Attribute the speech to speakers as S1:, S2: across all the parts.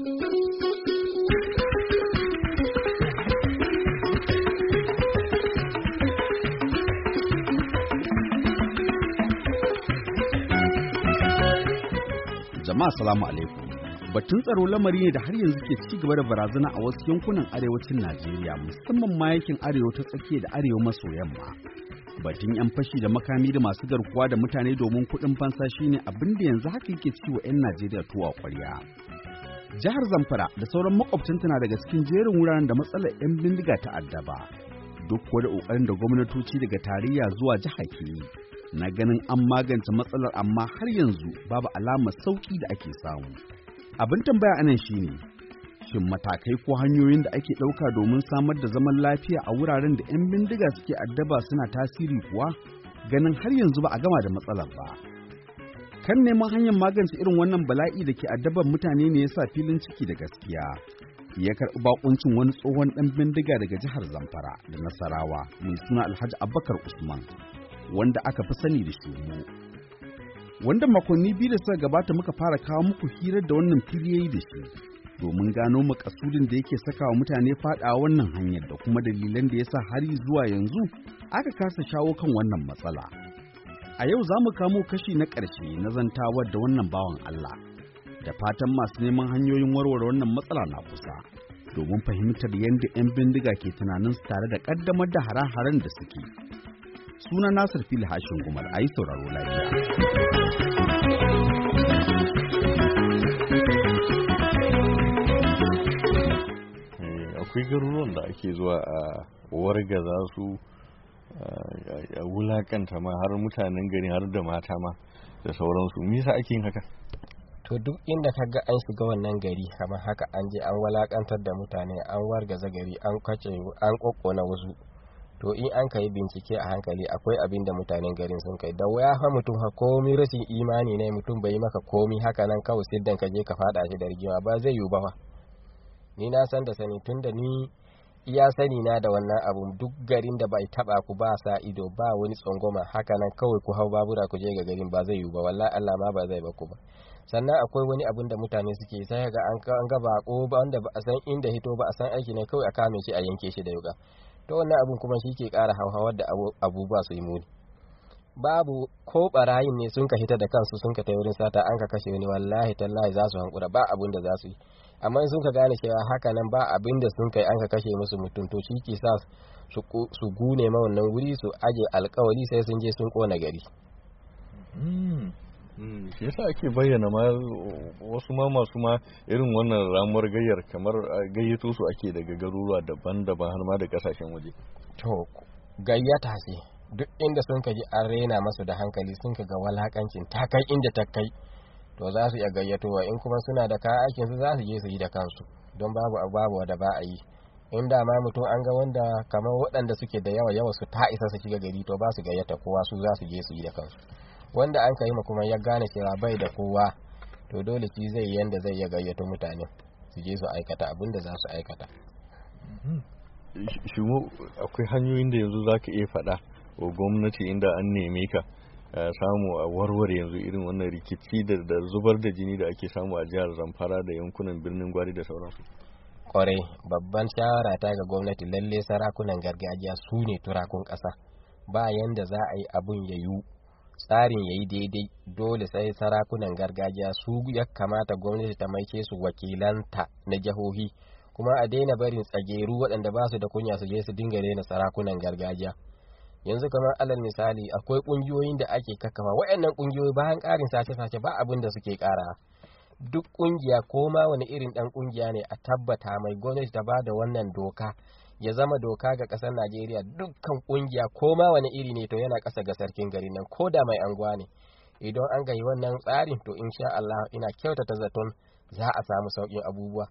S1: Jama'a salamu alaikum. Batun tsaro lamari ne da har yanzu ke ci gaba da barazana a wasu yankunan arewacin Najeriya musamman ma yakin arewa ta tsakiya da arewa maso yamma. Batun 'yan fashi da makami da masu garkuwa da mutane domin kuɗin fansa shine abin da yanzu haka yake ciwo wa 'yan Najeriya tuwa kwarya. Jihar Zamfara da sauran makwabtanta na daga cikin jerin wuraren da matsalar 'yan bindiga ta addaba. Duk wani da ƙoƙarin da gwamnatoci daga tarayya zuwa jiha ke yi. Na ganin an magance matsalar amma har yanzu babu alamar sauƙi da ake samu. Abin tambaya anan shine shin matakai ko hanyoyin da ake ɗauka domin samar da zaman lafiya a wuraren da 'yan bindiga suke addaba suna tasiri kuwa ganin har yanzu ba a gama da matsalar ba. kan neman hanyar magance irin wannan bala'i da ke addaban mutane ne yasa filin ciki da gaskiya ya karɓi bakuncin wani tsohon ɗan bindiga daga jihar zamfara da nasarawa mai suna alhaji abubakar usman wanda aka fi sani da mu. wanda makonni biyu da suka gabata muka fara kawo muku hirar da wannan fili yayi da shi domin gano makasudin da yake sakawa wa mutane faɗawa wannan hanyar da kuma dalilan da yasa har zuwa yanzu aka kasa shawo kan wannan matsala. A yau za mu kamo kashi na ƙarshe na zantawar da wannan bawan Allah, da fatan masu neman hanyoyin warware wannan matsala na kusa, domin fahimtar yadda 'yan bindiga ke tunanin su tare da ƙaddamar da hare da suke. Suna Nasir Fili Hashin Gumal, a yi sauraro lafiya.
S2: Eh, akwai garuruwan da ake zuwa a wargaza su a wulakanta ma har mutanen gari har da mata ma da sauransu me ake yin haka
S3: to duk inda ka ga an shiga wannan gari kamar haka an je an wulakantar da mutane an wargaza gari an kwace an kokkona wasu to in an kai bincike a hankali akwai abin da mutanen garin sun kai da waya fa mutum ha komi rashin imani ne mutum bai maka komi haka nan kawai siddan ka je ka fada shi da rigima ba zai yiwu ba fa ni na san da sani tunda ni ya sani na da wannan abun duk garin da bai taba ku ba sa ido ba wani tsangoma haka nan kawai ku hau babura ku je ga garin ba zai yiwu ba wallahi Allah ma ba zai ba ku ba sannan akwai wani abun da mutane suke sai ga an ga bako ba wanda ba a san inda hito ba a san aiki ne kawai a kame shi a yanke shi da yuga to wannan abun kuma shi ke kara hauhawar da abubuwa su yi muni babu ko barayin ne sun ka hita da kansu sun ka wurin sata an ka kashe wani wallahi tallahi za su hankura ba abin da za su yi amma sun ka gane cewa haka nan ba abin da sun kai an ka kashe musu mutum to shi ke sa su gune ma wannan wuri su aje alkawali sai sun je sun kona gari shi
S2: hmm. hmm. yasa ake bayyana ma wasu ma masu ma irin wannan ramuwar gayyar kamar gayyato su ake daga garuruwa daban-daban har ma da kasashen waje
S3: to gayyata ce duk inda sun ka ji an rena masu da hankali sun ka ga walakancin ta kai inda ta kai to za su iya gayyatowa in kuma suna da kaya aikin su za su je su yi da kansu don babu babu da ba a yi in da ma mutum an ga wanda kamar waɗanda suke da yawa yawa su ta isa su shiga gari to ba su gayyata kowa su za su je su yi da kansu wanda an kai ma kuma ya gane cewa bai da kowa to dole shi zai yanda zai iya gayyato mutane su je su aikata abin da za su aikata
S2: shi akwai hanyoyin da yanzu za ka iya faɗa ko gwamnati inda an neme ka eh, samu a warware yanzu irin wannan rikici da zubar da jini da ake samu a jihar zamfara da yankunan birnin gwari da sauransu kwarai
S3: babban shawara ta ga gwamnati lalle sarakunan gargajiya su ne turakun ƙasa ba yanda za a yi abun ya yiwu tsarin ya yi daidai dole sai sarakunan gargajiya su ya kamata gwamnati ta maike su wakilanta na jihohi kuma a daina barin tsageru waɗanda ba su da kunya su je su dinga daina sarakunan gargajiya yanzu kamar alal misali akwai kungiyoyin da ake kakkafa waɗannan kungiyoyi bayan ƙarin sace-sace ba abin da suke ƙara duk kungiya ko ma wani irin dan kungiya ne a tabbata mai gwamnati ta bada wannan doka ya zama doka ga kasar Najeriya dukkan kungiya ko ma wani iri ne to yana kasa ga sarkin gari nan ko da mai anguwa ne idan an gayi wannan tsarin to insha Allah ina kyautata zaton za a samu saukin
S2: abubuwa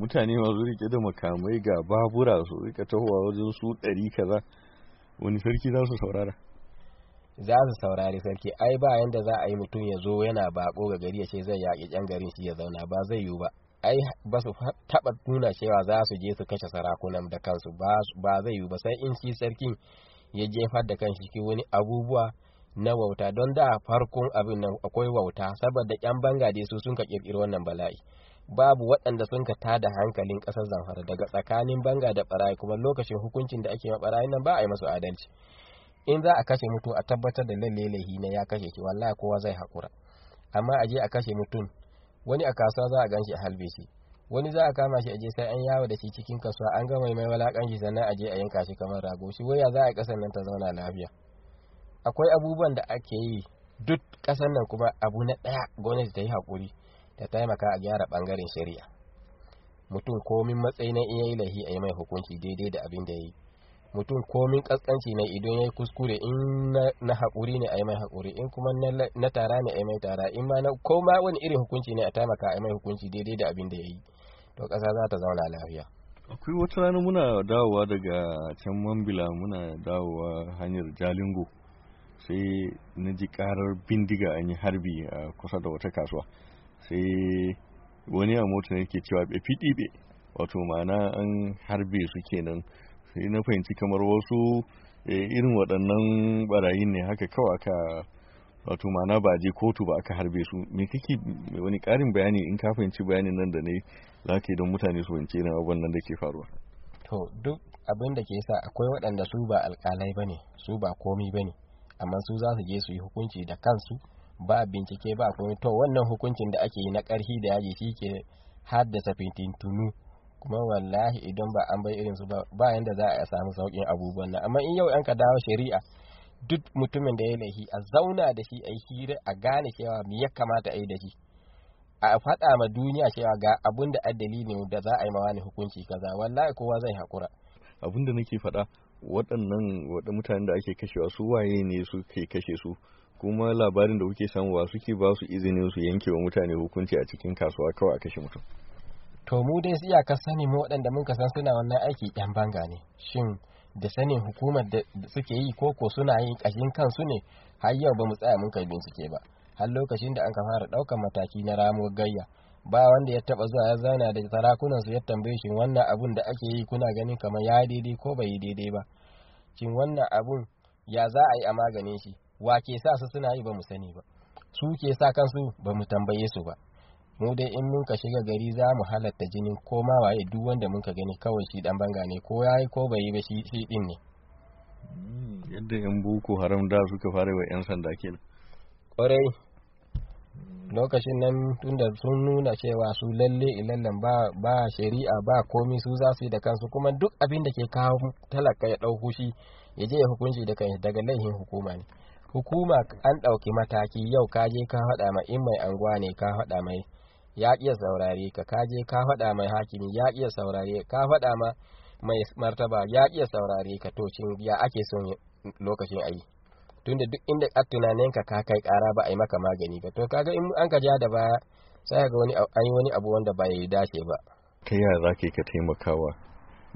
S2: mutane masu rike da makamai ga babura su rika tahowa wajen su ɗari kaza wani sarki za su saurara
S3: za su saurari sarki ai ba yanda za a yi mutum ya zo yana bako ga gari ya ce zai yaƙi yan garin shi ya zauna ba zai yiwu ba ai ba su taɓa nuna cewa za su je su kashe sarakunan da kansu ba zai yiwu ba sai in shi sarkin ya jefar da kan shi wani abubuwa na wauta don da farkon abin nan akwai wauta saboda yan banga dai su sun ka ƙirƙiri wannan bala'i babu waɗanda sun ka tada hankalin ƙasar zamfara daga tsakanin banga da barayi kuma lokacin hukuncin da ake ma ɓarayi nan ba a yi masu adalci in za a kashe mutum a tabbatar da lalle lahi na ya kashe shi wallahi kowa zai haƙura amma a je a kashe mutum wani a kasuwa za a gan shi a halbe shi wani za a kama shi a je sai an yawo da shi cikin kasuwa an gama mai walakan shi sannan a je a yanka shi kamar rago shi waya za a ƙasar nan ta zauna lafiya akwai abubuwan da ake yi duk ƙasar nan kuma abu na ɗaya gwamnati ta yi haƙuri ta taimaka a gyara bangaren shari'a mutum komin matsayi na iya yi lahi a yi mai hukunci daidai da abin da ya yi mutum komin kaskanci na idan ya yi kuskure in na haƙuri ne a yi mai haƙuri in kuma na tara ne a yi mai tara in ma na koma wani irin hukunci ne a taimaka a yi mai hukunci daidai da abin da ya yi to ƙasa za ta zauna lafiya
S2: akwai wata rana muna dawowa daga can mambila muna dawowa hanyar jalingo sai na ji karar bindiga an yi harbi a kusa da wata kasuwa sai wani a mota ne ke cewa be be wato ma'ana an harbe su kenan sai na fahimci kamar wasu eh, irin waɗannan barayin ne haka kawai aka wato ma'ana ba je kotu ba aka harbe su me kake wani ƙarin bayani in ka fahimci bayanin nan da ne za ka yi don mutane su fahimci irin abubuwan da ke faruwa
S3: to duk abin da ke sa akwai waɗanda su ba alƙalai ba ne su ba komi ba ne amma su za su je su yi hukunci da kansu ba bincike ba kuma to wannan hukuncin da ake yi na ƙarfi da yaji shi ke haddasa fintintunu kuma wallahi idan ba an bai irinsu ba bayan da za a samu sauƙin abubuwan nan amma in yau an ka dawo shari'a duk mutumin da ya laifi a zauna da shi a yi hira a gane cewa me ya kamata a yi da shi a faɗa ma duniya cewa ga abun da addali ne da za a yi ni hukunci kaza wallahi kowa zai haƙura
S2: abun da nake faɗa waɗannan waɗannan mutanen da ake kashewa su waye ne su ke kashe su kuma labarin da kuke samuwa suke ba su izinin su yanke wa mutane hukunci a cikin kasuwa kawai a kashe mutum
S3: to mu dai su iyaka sani mu waɗanda mun san suna wannan aiki yan banga ne shin da sanin hukumar da suke yi ko ko suna yin ƙashin kansu ne har yau ba mu tsaya mun kai bincike ba har lokacin da an ka fara ɗaukar mataki na ramuwar gayya ba wanda ya taɓa zuwa ya zauna da sarakunan su ya tambaye shi wannan abun da ake yi kuna ganin kamar ya daidai ko bai daidai ba shin wannan abun ya za a yi a maganin shi wa ke sa su suna yi ba mu sani ba su ke sa kansu ba mu tambaye su ba mu dai in mun ka shiga gari za mu halatta jinin ko ma waye duk wanda mun ka gani kawai shi dan banga ne ko yayi ko bai yi ba shi shi
S2: din ne hmm, yadda yan boko haram da suka fara wa yan sanda kenan
S3: kwarai lokacin nan tunda sun nuna cewa su lalle ilallan ba ba shari'a ba komi su za su yi da kansu kuma duk abin da ke kawo talaka ya dauko shi ya je hukunci da kan daga laihin hukuma ne hukuma an ɗauki mataki yau kaje ka haɗa mai in mai anguwa ne ka haɗa mai ya iya saurare ka kaje ka haɗa mai hakimi ya iya saurare ka haɗa ma mai martaba ya iya saurare ka to ya ake son lokacin ayi tunda duk inda a tunanin ka kai ƙara ba a yi maka magani ba to kaga in an ka ja da baya sai ga wani an yi wani abu wanda ba ya dace ba
S2: ta yaya za ka taimakawa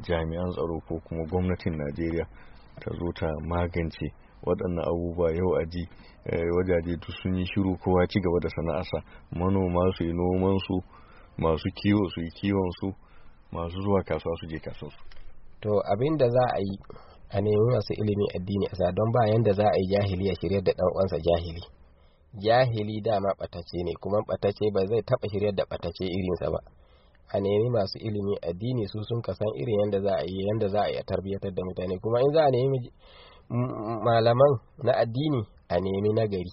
S2: jami'an tsaro ko kuma gwamnatin najeriya ta zo ta magance waɗannan abubuwa yau a ji eh, wajaje duk sun yi shiru kowa ci gaba da sana'arsa manoma su yi noman masu kiwo su yi kiwon su masu zuwa kasuwa su je kasuwa su
S3: to abin da za a yi a nemi masu ilimin addini a don ba yanda za a yi jahili a shirya da dan uwansa jahili jahili dama batace ne kuma batace ba zai taɓa shiryar da ɓatace irinsa ba a nemi masu ilimin addini su sun kasan irin yadda za a yi yadda za a yi a tarbiyyatar da mutane kuma in za a nemi malaman na addini a nemi nagari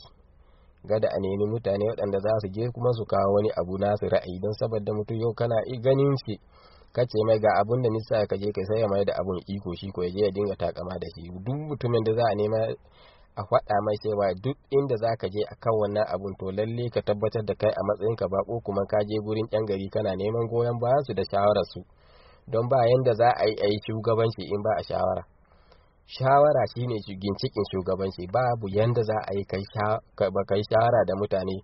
S3: gada a nemi mutane waɗanda za su je kuma su kawo wani abu nasu ra'ayi don saboda mutum yau kana ganin shi kace mai ga abun da nisa ka je ka sai mai da abun iko shi ko ya je ya dinga takama da shi duk mutumin da za a nema a faɗa mai cewa duk inda za ka je a kan wannan abun to lalle ka tabbatar da kai a matsayin ka bako kuma ka je gurin yan gari kana neman goyon bayan su da shawararsu don ba yanda za a yi a yi shugabanci in ba a shawara shawara shi shine gincikin shugabanci babu yadda za a yi kai shawara da mutane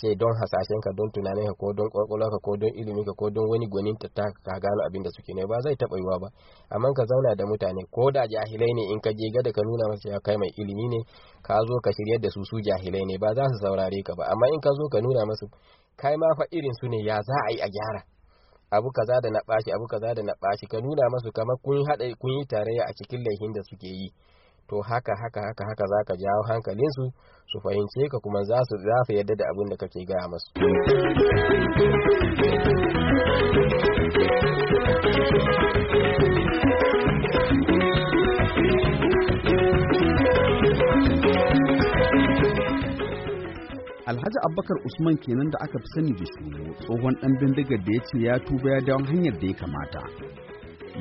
S3: ce don hasashen ka don tunanin ka ko don kwakwalwa ka ko don ilimin ka ko don wani gwanin ta ka gano abin da suke ne ba zai taba yiwa ba amma ka zauna da mutane ko da jahilai ne in ka je gada ka nuna masa ya kai mai ilimi ne ka zo ka shiryar da su su jahilai ne ba za su saurare ka ba amma in ka zo ka nuna masu kai ma fa irin su ne ya za a yi a gyara abu kaza da na bashi abu kaza da na bashi ka nuna masu kamar kun haɗa kun yi tarayya a cikin laifin da suke yi to haka haka haka haka za ka jawo hankalinsu su fahimce ka kuma za su za su yarda da abin da kake gaya masu
S1: Alhaji Abubakar Usman kenan da aka fi sani da shugo tsohon ɗan bindigar da ya ce ya tuba ya dawo hanyar da ya kamata.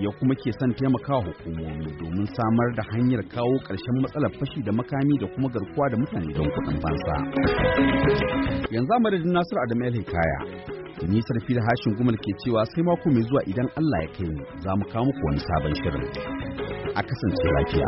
S1: Ya kuma ke son taimakawa hukumomi domin samar da hanyar kawo ƙarshen matsalar fashi da makami da kuma garkuwa da mutane don kuɗin fansa. Yanzu a madadin Nasiru Adamu El Hikaya, Tuni sarfi da hashin gumal ke cewa sai mako mai zuwa idan Allah ya kai mu za mu kawo muku wani sabon shirin. A kasance lafiya.